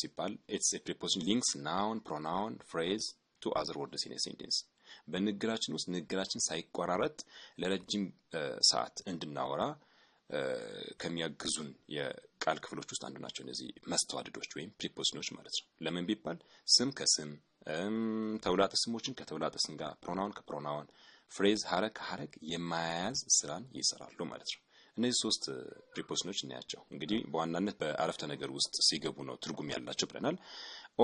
ሲባል ኢትስ ኤ ፕሪፖዚሽን ሊንክስ ናውን ፕሮናውን ፍሬዝ ቱ አዘር ወርድስ ኢን ኤ ሴንቴንስ በንግግራችን ውስጥ ንግግራችን ሳይቆራረጥ ለረጅም ሰዓት እንድናወራ ከሚያግዙን የቃል ክፍሎች ውስጥ አንዱ ናቸው እነዚህ መስተዋድዶች ወይም ፕሪፖዚሽኖች ማለት ነው። ለምን ቢባል ስም ከስም ተውላጠ ስሞችን ከተውላጠ ስም ጋር ፕሮናውን ከፕሮናውን ፍሬዝ ሀረግ ከሀረግ የማያያዝ ስራን ይሰራሉ ማለት ነው። እነዚህ ሶስት ፕሪፖዚሽኖች እናያቸው። እንግዲህ በዋናነት በአረፍተ ነገር ውስጥ ሲገቡ ነው ትርጉም ያላቸው ብለናል።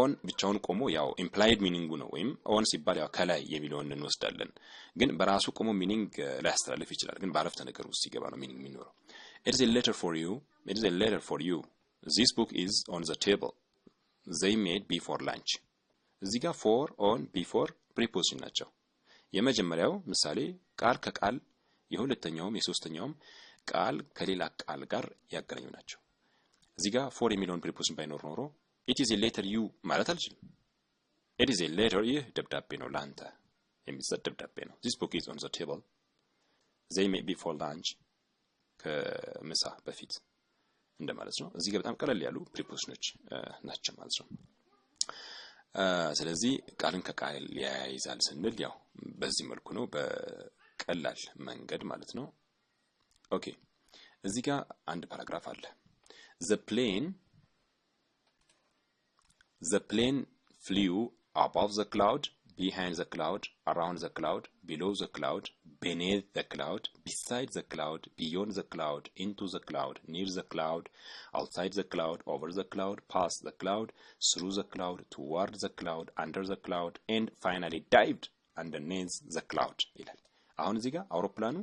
ኦን ብቻውን ቆሞ ያው ኢምፕላይድ ሚኒንጉ ነው ወይም ኦን ሲባል ያው ከላይ የሚለውን እንወስዳለን። ግን በራሱ ቆሞ ሚኒንግ ላያስተላልፍ ይችላል። ግን በአረፍተ ነገር ውስጥ ሲገባ ነው ሚኒንግ የሚኖረው። ኢትስ ኤ ሌተር ፎር ዩ፣ ኢትስ ኤ ሌተር ፎር ዩ። ዚስ ቡክ ኢዝ ኦን ዘ ቴብል ዘይ ሜድ ቢፎር ላንች። እዚህ ጋር ፎር፣ ኦን፣ ቢፎር ፕሪፖዚሽን ናቸው። የመጀመሪያው ምሳሌ ቃል ከቃል የሁለተኛውም የሶስተኛውም ቃል ከሌላ ቃል ጋር ያገናኙ ናቸው። እዚህ ጋር ፎር የሚለውን ፕሪፖዝን ባይኖር ኖሮ ኢት ኢዝ ሌተር ዩ ማለት አልችልም። ኢት ኢዝ ሌተር ይህ ደብዳቤ ነው፣ ለአንተ የሚሰጥ ደብዳቤ ነው። ዚስ ቡክ ኢዝ ኦን ዘ ቴብል ዘይ ሜይ ቢ ፎር ላንች ከምሳ በፊት እንደማለት ነው። እዚህ በጣም ቀለል ያሉ ፕሪፖዝኖች ናቸው ማለት ነው። ስለዚህ ቃልን ከቃል ያይዛል ስንል ያው በዚህ መልኩ ነው፣ በቀላል መንገድ ማለት ነው። ኦኬ እዚህ ጋር አንድ ፓራግራፍ አለ። ዘ ፕሌን ዘ ፕሌን ፍሊው አባቭ ዘ ክላውድ ቢሃይንድ ዘ ክላውድ አራውንድ ዘ ክላውድ ቢሎው ዘ ክላውድ ቤኔት ዘ ክላውድ ቢሳይድ ዘ ክላውድ ቢዮንድ ዘ ክላውድ ኢንቱ ዘ ክላውድ ኒር ዘ ክላውድ አውትሳይድ ዘ ክላውድ ኦቨር ዘ ክላውድ ፓስ ዘ ክላውድ ስሩ ዘ ክላውድ ቱዋርድ ዘ ክላውድ አንደር ዘ ክላውድ ኤንድ ፋይናሊ ዳይቭድ አንደርኔዝ ዘ ክላውድ ይላል። አሁን እዚህ ጋር አውሮፕላኑ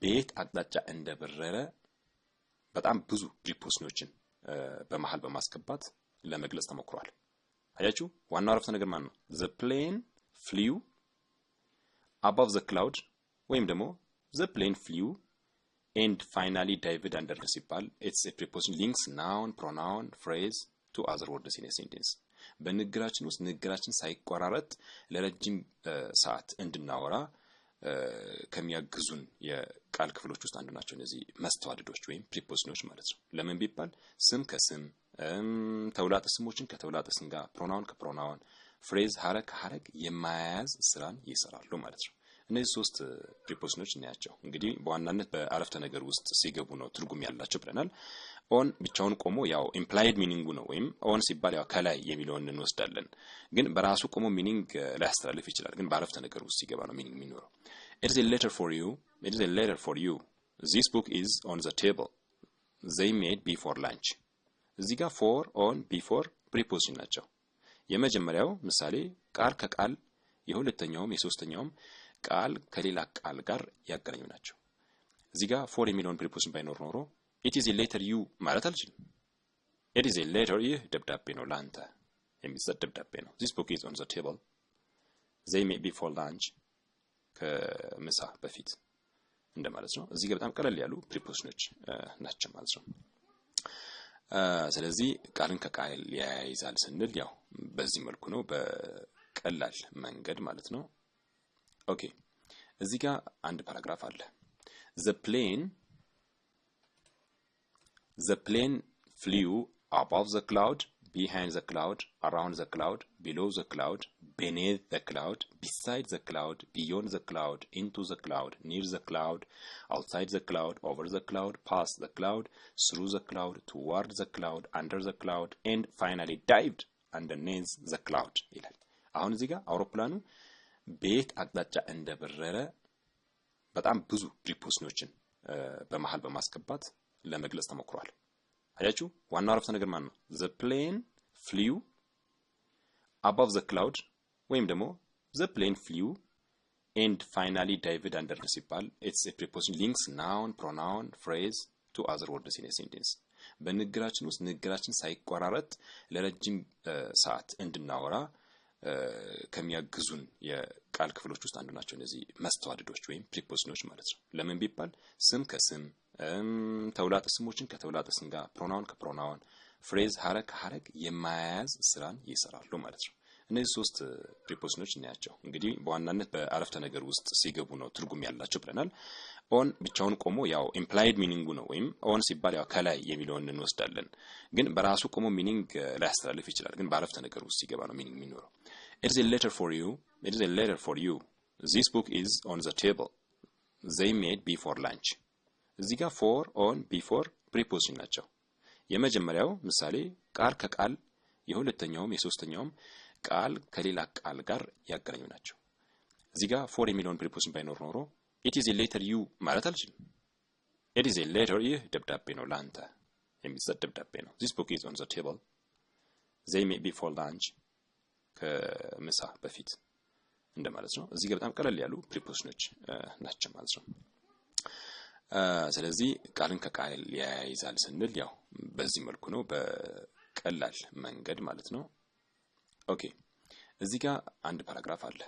በየት አቅጣጫ እንደበረረ በጣም ብዙ ፕሪፖዚሽኖችን በመሃል በማስገባት ለመግለጽ ተሞክሯል። አያችሁ፣ ዋናው አረፍተ ነገር ማን ነው? ዘ ፕሌን ፍሊው አባቭ ዘ ክላውድ ወይም ደግሞ ዘ ፕሌን ፍሊው ኤንድ ፋይናሊ ዳይቪድ አንደር ሲባል ኢትስ ኤ ፕሪፖዚሽን ሊንክስ ናውን ፕሮናውን ፍሬዝ ቱ አዘር ወርድስ ኢን ኤ ሴንቴንስ። በንግግራችን ውስጥ ንግግራችን ሳይቆራረጥ ለረጅም ሰዓት እንድናወራ ከሚያግዙን የቃል ክፍሎች ውስጥ አንዱ ናቸው። እነዚህ መስተዋድዶች ወይም ፕሪፖዚሽኖች ማለት ነው። ለምን ቢባል ስም ከስም ተውላጠ ስሞችን ከተውላጠ ስም ጋር ፕሮናውን ከፕሮናውን ፍሬዝ ሀረግ ከሀረግ የማያያዝ ስራን ይሰራሉ ማለት ነው። እነዚህ ሶስት ፕሪፖዚሽኖች እናያቸው እንግዲህ በዋናነት በአረፍተ ነገር ውስጥ ሲገቡ ነው ትርጉም ያላቸው ብለናል። ኦን ብቻውን ቆሞ ያው ኢምፕላይድ ሚኒንጉ ነው ወይም ኦን ሲባል ያው ከላይ የሚለውን እንወስዳለን። ግን በራሱ ቆሞ ሚኒንግ uh, ሊያስተላልፍ ይችላል። ግን በአረፍተ ነገር ውስጥ ሲገባ ነው ሚኒንግ የሚኖረው። ኢት ኢዝ ኤ ሌተር ፎር ዩ ኢት ኢዝ ኤ ሌተር ፎር ዩ ዚስ ቡክ ኢዝ ኦን ዘ ቴብል ዘይ ሜድ ቢፎር ላንች። እዚህ ጋር ፎር ኦን ቢፎር ፕሪፖዚሽን ናቸው። የመጀመሪያው ምሳሌ ቃል ከቃል የሁለተኛውም የሶስተኛውም ቃል ከሌላ ቃል ጋር ያገናኙ ናቸው። እዚህ ጋር ፎር የሚለውን ፕሪፖዚሽን ባይኖር ኖሮ ኢት ኢዝ ኤ ሌተር ዩ ማለት አልችልም። ኢት ኢዝ ኤ ሌተር ይህ ደብዳቤ ነው ለአንተ የሚሰጥ ደብዳቤ ነው። ዚስ ቡክ ኢዝ ኦን ዘ ቴብል ዜይ ሜይ ቢ ፎር ላንች ከምሳ በፊት እንደማለት ነው። እዚህ ጋር በጣም ቀለል ያሉ ፕሪፖዚሽኖች ናቸው ማለት ነው። ስለዚህ ቃልን ከቃል ያያይዛል ስንል ያው በዚህ መልኩ ነው፣ በቀላል መንገድ ማለት ነው። ኦኬ እዚህ ጋር አንድ ፓራግራፍ አለ ዘ ፕሌን The plane flew above the cloud, behind the cloud, around the cloud, below the cloud, beneath the cloud, beside the cloud, beyond the cloud, into the cloud, near the cloud, outside the cloud, over the cloud, past the cloud, through the cloud, toward the cloud, under the cloud, and finally dived underneath the cloud ይላል። አሁን እዚህ ጋር አውሮፕላኑ በየት አቅጣጫ እንደበረረ በጣም ብዙ ፕሪፖስኖችን በመሀል በማስገባት ለመግለጽ ተሞክሯል። አያችሁ፣ ዋናው አረፍተ ነገር ማን ነው? ዘ ፕሌን ፍሊው አባቭ ዘ ክላውድ ወይም ደግሞ ዘ ፕሌን ፍሊው ኤንድ ፋይናሊ ዳይቪድ አንደር ሲባል ኢትስ ኤ ፕሪፖዚሽን ሊንክስ ናውን ፕሮናውን ፍሬዝ ቱ አዘር ወርድስ ኢን ኤ ሴንቴንስ። በንግግራችን ውስጥ ንግግራችን ሳይቆራረጥ ለረጅም ሰዓት እንድናወራ ከሚያግዙን የቃል ክፍሎች ውስጥ አንዱ ናቸው እነዚህ መስተዋድዶች ወይም ፕሪፖዚሽኖች ማለት ነው። ለምን ቢባል ስም ከስም ተውላጠ ስሞችን ከተውላጠ ስም ጋር ፕሮናውን ከፕሮናውን ፍሬዝ ሀረግ ከሀረግ የማያያዝ ስራን ይሰራሉ ማለት ነው። እነዚህ ሶስት ፕሪፖዚሽኖች እናያቸው። እንግዲህ በዋናነት በአረፍተ ነገር ውስጥ ሲገቡ ነው ትርጉም ያላቸው ብለናል። ኦን ብቻውን ቆሞ ያው ኢምፕላይድ ሚኒንጉ ነው ወይም ኦን ሲባል ያው ከላይ የሚለውን እንወስዳለን። ግን በራሱ ቆሞ ሚኒንግ ላያስተላልፍ ይችላል። ግን በአረፍተ ነገር ውስጥ ሲገባ ነው ሚኒንግ የሚኖረው። ኢዝ ኤ ሌተር ፎር ዩ ኢዝ ኤ ሌተር ፎር ዩ ዚስ ቡክ ኢዝ ኦን ዘ ቴብል ዘይ ሜድ ቢፎር ላንች እዚህ ጋር ፎር፣ ኦን፣ ቢፎር ፕሪፖዚሽን ናቸው። የመጀመሪያው ምሳሌ ቃል ከቃል የሁለተኛውም የሶስተኛውም ቃል ከሌላ ቃል ጋር ያገናኙ ናቸው። እዚህ ጋር ፎር የሚለውን ፕሪፖዚሽን ባይኖር ኖሮ ኢት ኢዝ ኤ ሌተር ዩ ማለት አልችልም። ኢት ኢዝ ኤ ሌተር ይህ ደብዳቤ ነው ላንተ የሚሰጥ ደብዳቤ ነው። ዚስ ቡክ ኢዝ ኦን ዘ ቴብል ዜይ ሜይ ቢ ፎር ላንች ከምሳ በፊት እንደማለት ነው። እዚህ ጋር በጣም ቀለል ያሉ ፕሪፖዚሽኖች ናቸው ማለት ነው። ስለዚህ ቃልን ከቃል ያይዛል ስንል ያው በዚህ መልኩ ነው፣ በቀላል መንገድ ማለት ነው። ኦኬ እዚህ ጋር አንድ ፓራግራፍ አለ።